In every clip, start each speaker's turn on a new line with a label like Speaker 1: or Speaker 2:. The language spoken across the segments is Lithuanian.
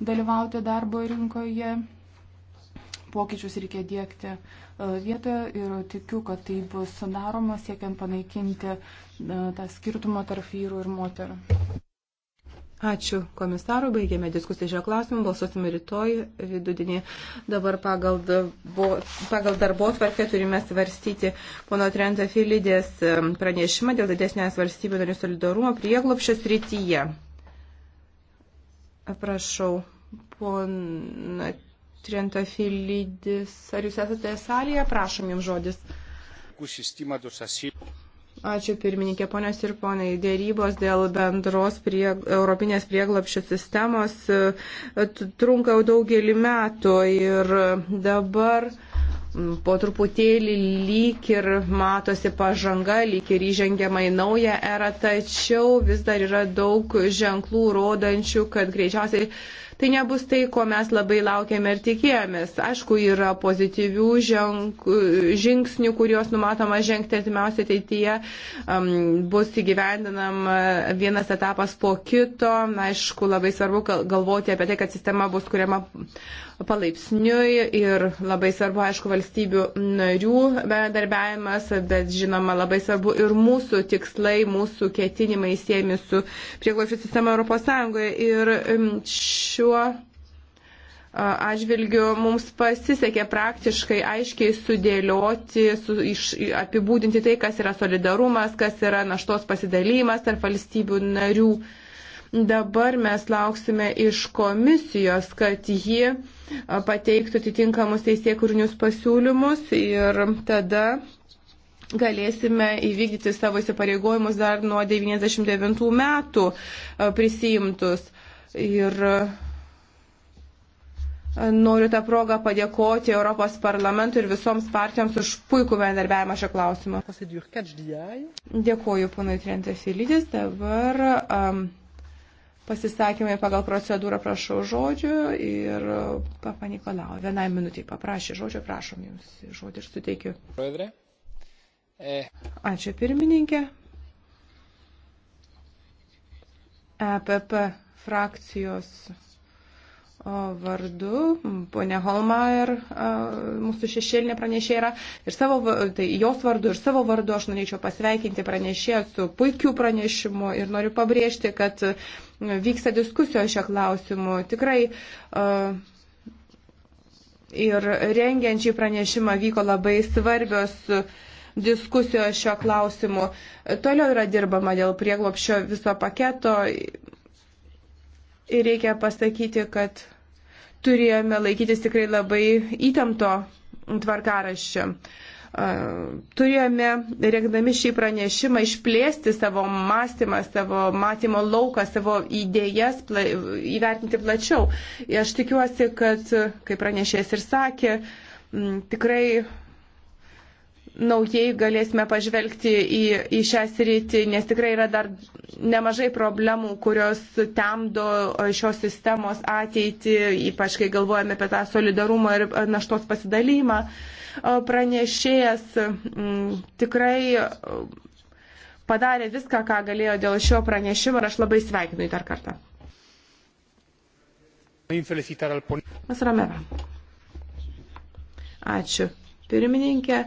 Speaker 1: dalyvauti darbo rinkoje. Pokyčius reikia dėkti e, vietoje ir tikiu, kad tai bus daroma siekiant panaikinti e, tą skirtumą tarp vyrų ir moterų.
Speaker 2: Ačiū komisaru, baigėme diskusiją šio klausimu, balsuosime rytoj vidudinį. Dabar pagal, darbo, pagal darbo tvarkę turime svarstyti pono Trenta Filidės e, pranešimą dėl didesnės valstybių narių solidarumo prieglopščio srityje. Prašau, pona Trentafilidis, ar jūs esate salėje? Prašom jums žodis. Ačiū pirmininkė, ponios ir ponai. Dėrybos dėl bendros prie, Europinės prieglapščių sistemos e, trunka jau daugelį metų ir dabar po truputėlį lyg ir matosi pažanga, lyg ir įžengiama į naują erą, tačiau vis dar yra daug ženklų rodančių, kad greičiausiai tai nebus tai, ko mes labai laukiame ir tikėjomės. Aišku, yra pozityvių ženk, žingsnių, kuriuos numatoma žengti artimiausiai ateityje, um, bus įgyvendinama vienas etapas po kito. Aišku, labai svarbu galvoti apie tai, kad sistema bus kuriama palaipsniui ir labai svarbu, aišku, valstybių narių bendarbiavimas, bet žinoma, labai svarbu ir mūsų tikslai, mūsų ketinimai siemi su prieglobščio sistema Europos Sąjungoje. Ir mm, šiuo atžvilgiu mums pasisekė praktiškai aiškiai sudėlioti, su, iš, apibūdinti tai, kas yra solidarumas, kas yra naštos pasidalymas tarp valstybių narių. Uh, Dabar mes lauksime iš komisijos, kad ji pateiktų atitinkamus teisėkurinius pasiūlymus ir tada galėsime įvykdyti savo įsipareigojimus dar nuo 99 metų prisijimtus. Ir Noriu tą progą padėkoti Europos parlamentui ir visoms partijoms už puikų bendarbiavimą šio klausimu. Dėkuoju, ponai Trentės Ilydis. Dabar um, pasisakymai pagal procedūrą prašau žodžio ir papa e, Nikolau, vienai minutiai paprašė žodžio, prašom jums žodį ir suteikiu. Eh. Ačiū pirmininkė. EPP frakcijos vardu, ponė Holmaier, mūsų šešėlinė pranešė yra, ir savo, tai jos vardu, ir savo vardu aš norėčiau pasveikinti pranešėją su puikiu pranešimu ir noriu pabrėžti, kad vyksta diskusijos šio klausimu. Tikrai uh, ir rengiant šį pranešimą vyko labai svarbios diskusijos šio klausimu. Toliau yra dirbama dėl prieglopšio viso paketo Ir reikia pasakyti, kad turėjome laikytis tikrai labai įtempto tvarkaraščio. Turėjome, rengdami šį pranešimą, išplėsti savo mąstymą, savo matymo lauką, savo idėjas, pla, įvertinti plačiau. Ir aš tikiuosi, kad, kaip pranešėjas ir sakė, tikrai naujai galėsime pažvelgti į, į šią sritį, nes tikrai yra dar nemažai problemų, kurios temdo e, šios sistemos ateitį, ypač kai galvojame apie tą solidarumą ir e, naštos pasidalymą. E, pranešėjas mm, tikrai padarė viską, ką galėjo dėl šio pranešimo ir aš labai sveikinu jį dar kartą.
Speaker 3: Mes ramėme.
Speaker 2: Ačiū. Pirmininkė.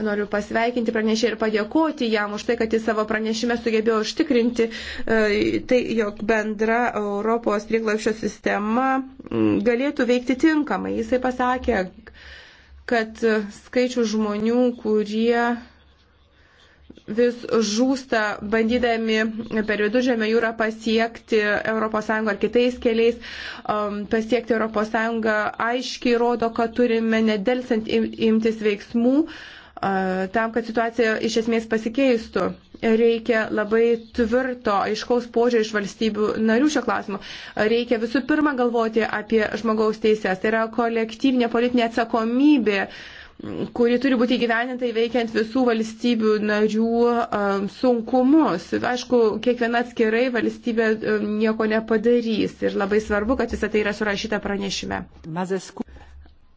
Speaker 2: Noriu pasveikinti pranešį ir padėkoti jam už tai, kad jis savo pranešime sugebėjo užtikrinti e, tai, jog bendra Europos prieglapščio sistema mm, galėtų veikti tinkamai. Jisai pasakė, kad skaičių žmonių, kurie vis žūsta bandydami per viduržėmio jūrą pasiekti ES ar kitais keliais, um, pasiekti ES aiškiai rodo, kad turime nedelsiant imtis veiksmų. Uh, Tam, kad situacija iš esmės pasikeistų, reikia labai tvirto, aiškaus požiūrį iš valstybių narių šio klausimu. Reikia visų pirma galvoti apie žmogaus teisės. Tai yra kolektyvinė politinė atsakomybė kuri turi būti įgyveninta įveikiant visų valstybių narių um, sunkumus. Aišku, kiekviena atskirai valstybė um, nieko nepadarys ir labai svarbu, kad visą tai yra surašyta pranešime. Mazesku.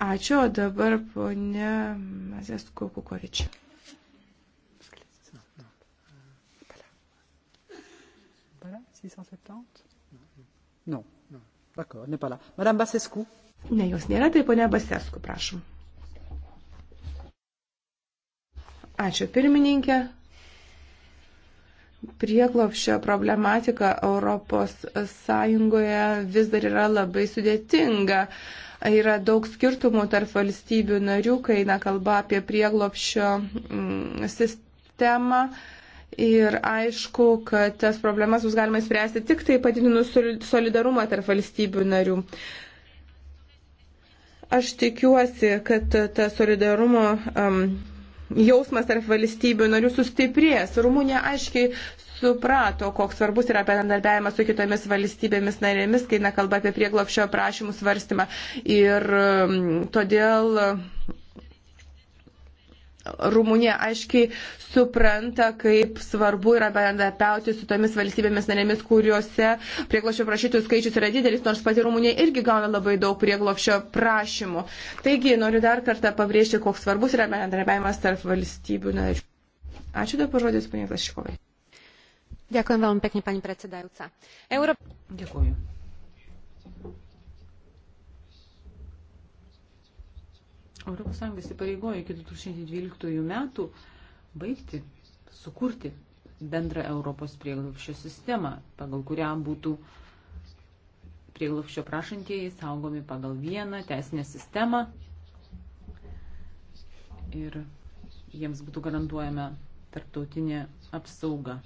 Speaker 2: Ačiū, o dabar ponė Mazės Kukukorič. Ne, jos nėra, tai ponė Basesku, prašom. Ačiū pirmininkė prieglopščio problematika Europos Sąjungoje vis dar yra labai sudėtinga. Yra daug skirtumų tarp valstybių narių, kai eina kalba apie prieglopščio mm, sistemą. Ir aišku, kad tas problemas bus galima spręsti tik tai padidinus solidarumą tarp valstybių narių aš tikiuosi, kad ta solidarumo um, jausmas tarp valstybių narių sustiprės. Rumunija aiškiai suprato, koks svarbus yra bendradarbiavimas su kitomis valstybėmis narėmis, kai nekalba apie prieglopšio prašymų svarstymą. Ir mm, todėl Rumunija aiškiai supranta, kaip svarbu yra bendrapiauti su tomis valstybėmis narėmis, kuriuose prieglošio prašytojų skaičius yra didelis, nors pati Rumunija irgi gauna labai daug prieglopšio prašymų. Taigi, noriu dar kartą pabrėžti, koks svarbus yra bendrapiavimas tarp valstybių narių. Ačiū dabar žodis, panė Vlašikovai. Dėkuoju veľmi pekne, pani predsedajúca. Euro... Dėkuoju. ES
Speaker 3: įsipareigojo iki 2012 metų baigti, sukurti bendrą Europos prieglopščio sistemą, pagal kurią būtų prieglopščio prašantieji saugomi pagal vieną teisinę sistemą ir jiems būtų garantuojama tarptautinė apsauga.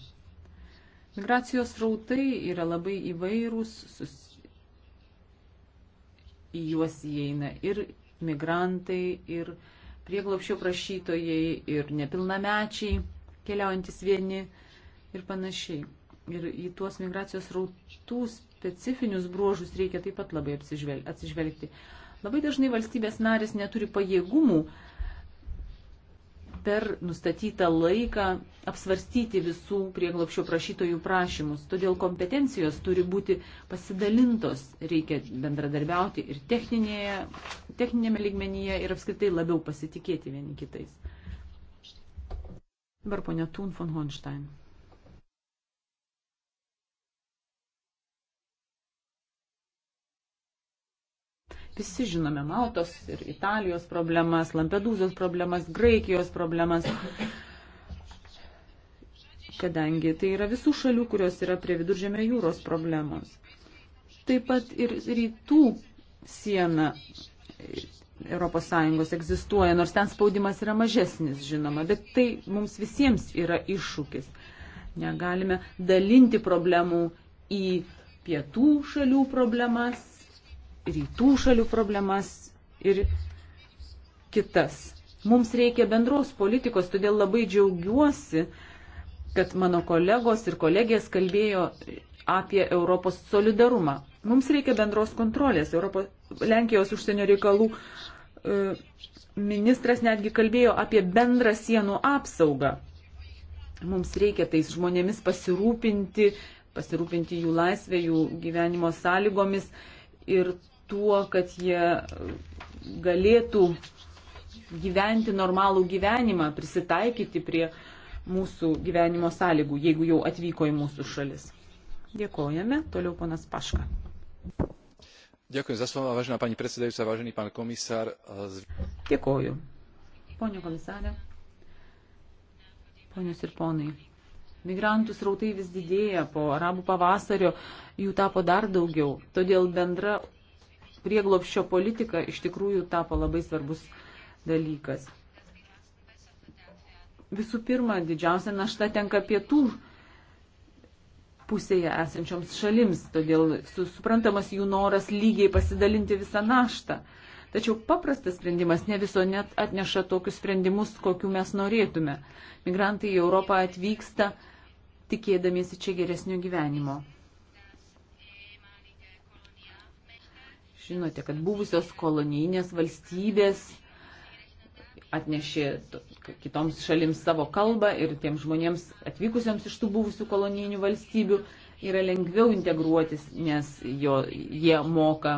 Speaker 3: Migracijos rautai yra labai įvairūs, sus... į juos įeina ir migrantai ir prieglopšio prašytojai ir nepilnamečiai keliaujantis vieni ir panašiai. Ir į tuos migracijos rautų specifinius bruožus reikia taip pat labai atsižvelgti. Labai dažnai valstybės narės neturi pajėgumų uh, per nustatytą laiką apsvarstyti visų prieglopšio prašytojų prašymus. Todėl kompetencijos turi būti pasidalintos, reikia bendradarbiauti ir techninėje, techninėme ligmenyje ir apskritai labiau pasitikėti vieni kitais. Dabar ponia Thun von Honstein. Visi žinome Maltos ir Italijos problemas, Lampedūzos problemas, Graikijos problemas, kadangi tai yra visų šalių, kurios yra prie viduržėmio jūros problemos. Taip pat ir rytų siena ES egzistuoja, nors ten spaudimas yra mažesnis, žinoma, bet tai mums visiems yra iššūkis. Negalime dalinti problemų į pietų šalių problemas rytų šalių problemas ir kitas. Mums reikia bendros politikos, todėl labai džiaugiuosi, kad mano kolegos ir kolegės kalbėjo apie Europos solidarumą. Mums reikia bendros kontrolės. Europos, Lenkijos užsienio reikalų e, ministras netgi kalbėjo apie bendrą sienų apsaugą. Mums reikia tais žmonėmis pasirūpinti, pasirūpinti jų laisvę, jų gyvenimo sąlygomis ir tuo, kad jie galėtų gyventi normalų gyvenimą, prisitaikyti prie mūsų gyvenimo sąlygų, jeigu jau atvyko į mūsų šalis. Dėkojame. Toliau ponas Paška.
Speaker 1: Ďakujem za slovo, vážená pani predsedajúca, vážený pán komisár. Dėkoju.
Speaker 3: Pone komisarė, ponios ir ponai, migrantų srautai vis didėja, po arabų pavasario jų tapo dar daugiau, todėl bendra prieglopščio politika iš tikrųjų tapo labai svarbus dalykas. Visų pirma, didžiausia našta tenka pietų pusėje esančioms šalims, todėl suprantamas jų noras lygiai pasidalinti visą naštą. Tačiau paprastas sprendimas ne viso net atneša tokius sprendimus, kokiu mes norėtume. Migrantai į Europą atvyksta tikėdamiesi čia geresnio gyvenimo. žinote, kad buvusios kolonijinės valstybės atnešė kitoms šalims savo kalbą ir tiems žmonėms atvykusiems iš tų buvusių kolonijinių valstybių yra lengviau integruotis, nes jo, jie moka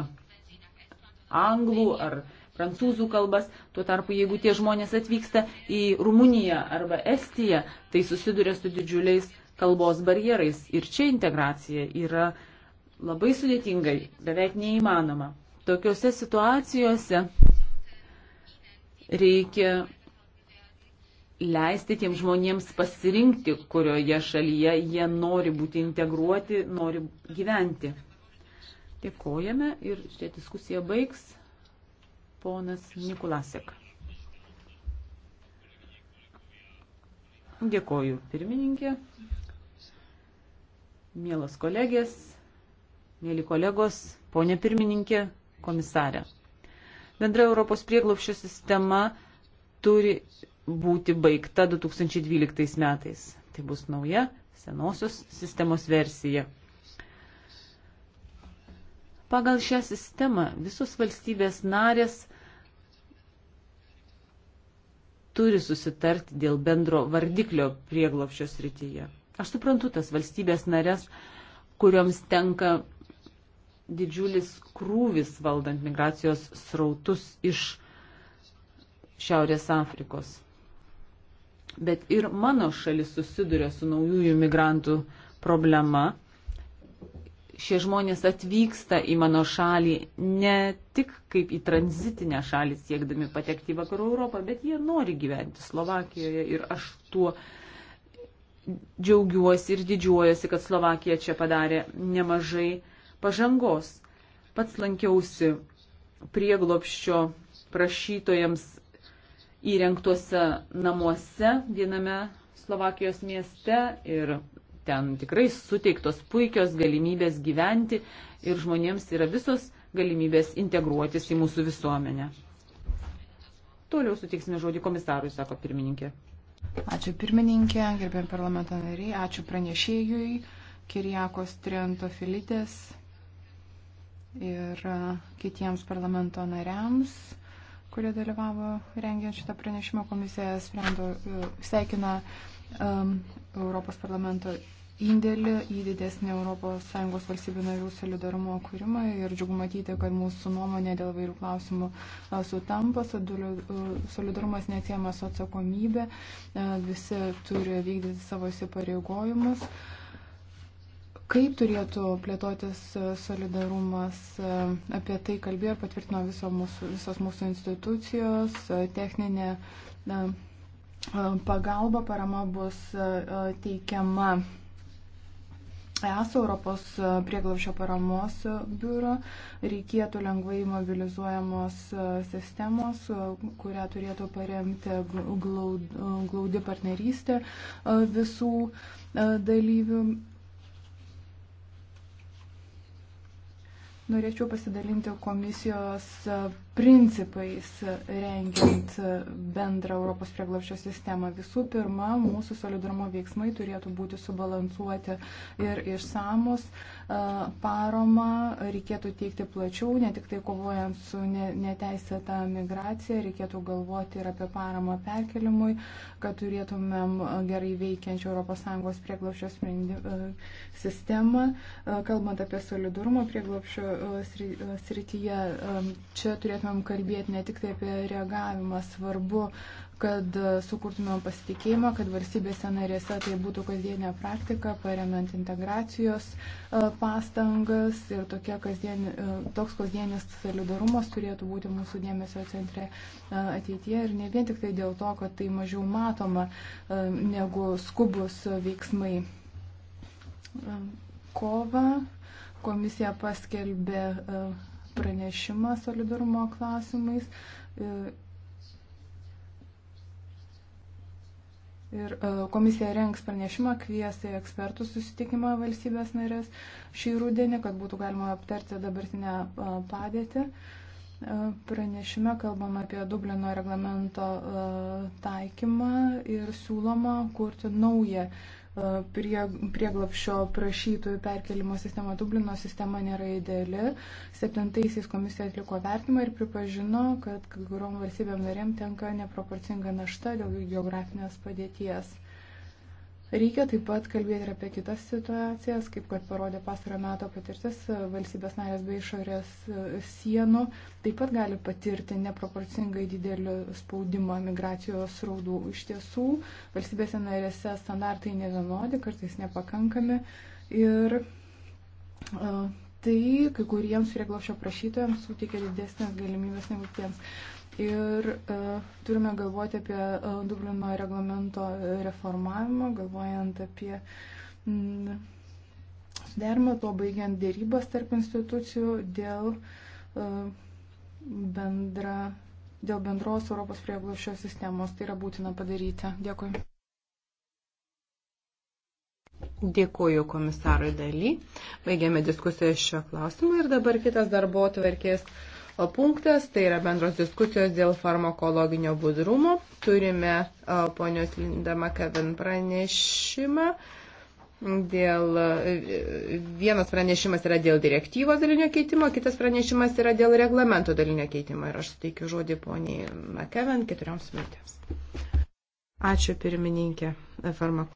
Speaker 3: anglų ar prancūzų kalbas. Tuo tarpu, jeigu tie žmonės atvyksta į Rumuniją arba Estiją, tai susiduria su didžiuliais kalbos barjerais. Ir čia integracija yra labai sudėtingai, beveik neįmanoma. Tokiuose situacijose reikia leisti tiem žmonėms pasirinkti, kurioje šalyje jie nori būti integruoti, nori gyventi. Dėkojame ir šią diskusiją baigs ponas Nikulasek. Dėkoju pirmininkė, mielos kolegės mėly kolegos, ponė pirmininkė, komisarė. Bendra Europos prieglopščio sistema turi būti baigta 2012 metais. Tai bus nauja senosios sistemos versija. Pagal šią sistemą visos valstybės narės turi susitarti dėl bendro vardiklio prieglopščio srityje. Aš suprantu tas valstybės narės, kurioms tenka didžiulis krūvis valdant migracijos srautus iš Šiaurės Afrikos. Bet ir mano šalis susiduria su naujųjų migrantų problema. Šie žmonės atvyksta į mano šalį ne tik kaip į tranzitinę šalį siekdami patekti į Vakarų Europą, bet jie nori gyventi Slovakijoje ir aš tuo džiaugiuosi ir didžiuojuosi, kad Slovakija čia padarė nemažai pažangos. Pats lankiausi prieglopščio prašytojams įrengtuose namuose viename Slovakijos mieste ir ten tikrai suteiktos puikios galimybės gyventi ir žmonėms yra visos galimybės integruotis į mūsų visuomenę. Toliau sutiksime žodį komisarui, sako pirmininkė.
Speaker 1: Ačiū pirmininkė, gerbėm parlamento nariai, ačiū pranešėjui, Kirijakos Triento Filitės ir e, kitiems parlamento nariams, kurie dalyvavo rengiant šitą pranešimą. Komisija sprendo, e, sveikina um, Europos parlamento indėlį į didesnį ES valstybių narių solidarumo kūrimą ir džiugu matyti, kad mūsų nuomonė dėl vairių klausimų e, sutampa, solidarumas neatsiemas atsakomybė, visi turi vykdyti savo įsipareigojimus. Uh, kaip turėtų plėtotis e, solidarumas. E, apie tai kalbėjo ir patvirtino viso mūsų, visos mūsų institucijos, e, techninė pagalba, parama bus teikiama ESO Europos prieglaušio paramos biuro reikėtų lengvai mobilizuojamos sistemos, kurią turėtų paremti glaudi partnerystė visų dalyvių Norėčiau pasidalinti komisijos principais rengiant bendrą Europos prieglapščio sistemą. Visų pirma, mūsų solidarumo veiksmai turėtų būti subalansuoti ir išsamus. E, paroma reikėtų teikti plačiau, ne tik tai kovojant su neteisėta migracija, reikėtų galvoti ir apie paramą perkelimui, kad turėtumėm gerai veikiančią ES prieglapščio e, sistemą. E, kalbant apie solidarumą prieglapščio srityje, čia turėtume turėtumėm kalbėti ne tik tai apie reagavimą, svarbu, kad sukurtumėm pasitikėjimą, kad valstybėse narėse tai būtų kasdienė praktika, paremant integracijos e, pastangas ir kasdien, e, toks kasdienis solidarumas turėtų būti mūsų dėmesio centre e, ateityje ir ne vien tik tai dėl to, kad tai mažiau matoma negu skubus veiksmai. Kova komisija paskelbė uh, pranešimą solidarumo klausimais. E, ir e, komisija renks pranešimą, kvies į ekspertų susitikimą valstybės narės šį rudenį, kad būtų galima aptarti dabartinę e, padėtį. Pranešime kalbam apie Dublino reglamento taikymą ir siūloma kurti naują prie, prieglapšio prašytojų perkelimo sistema, Dublino sistema nėra ideali. Septintaisiais komisija atliko vertimą ir pripažino, kad kai kuriuom valstybėm narėm tenka neproporcinga našta dėl jų geografinės padėties. Reikia taip pat kalbėti ir apie kitas situacijas, kaip kad parodė pastarojo meto patirtis, valstybės narės bei išorės e, sienų taip pat gali patirti neproporcingai didelį spaudimą migracijos raudų. Iš tiesų, valstybėse narėse standartai nevienodi, kartais nepakankami ir uh, tai kai kuriems prieglopšio prašytojams suteikia didesnės galimybės negu tiems. Ir e, turime galvoti apie e, Dublino reglamento reformavimą, galvojant apie m, mm, suderimą, to baigiant dėrybas tarp institucijų dėl, e, bendra, dėl bendros Europos prieglošio sistemos. Tai yra būtina padaryti. Dėkui.
Speaker 2: Dėkuoju komisarui daly. Baigėme diskusiją šio klausimu ir dabar kitas darbo atverkės punktas, tai yra bendros diskusijos dėl farmakologinio budrumo. Turime ponios Linda Makaven pranešimą. Dėl, vienas pranešimas yra dėl direktyvos dalinio keitimo, kitas pranešimas yra dėl reglamento dalinio keitimo. Ir aš suteikiu žodį poniai Makaven keturioms minutėms. Ačiū pirmininkė. Farmako.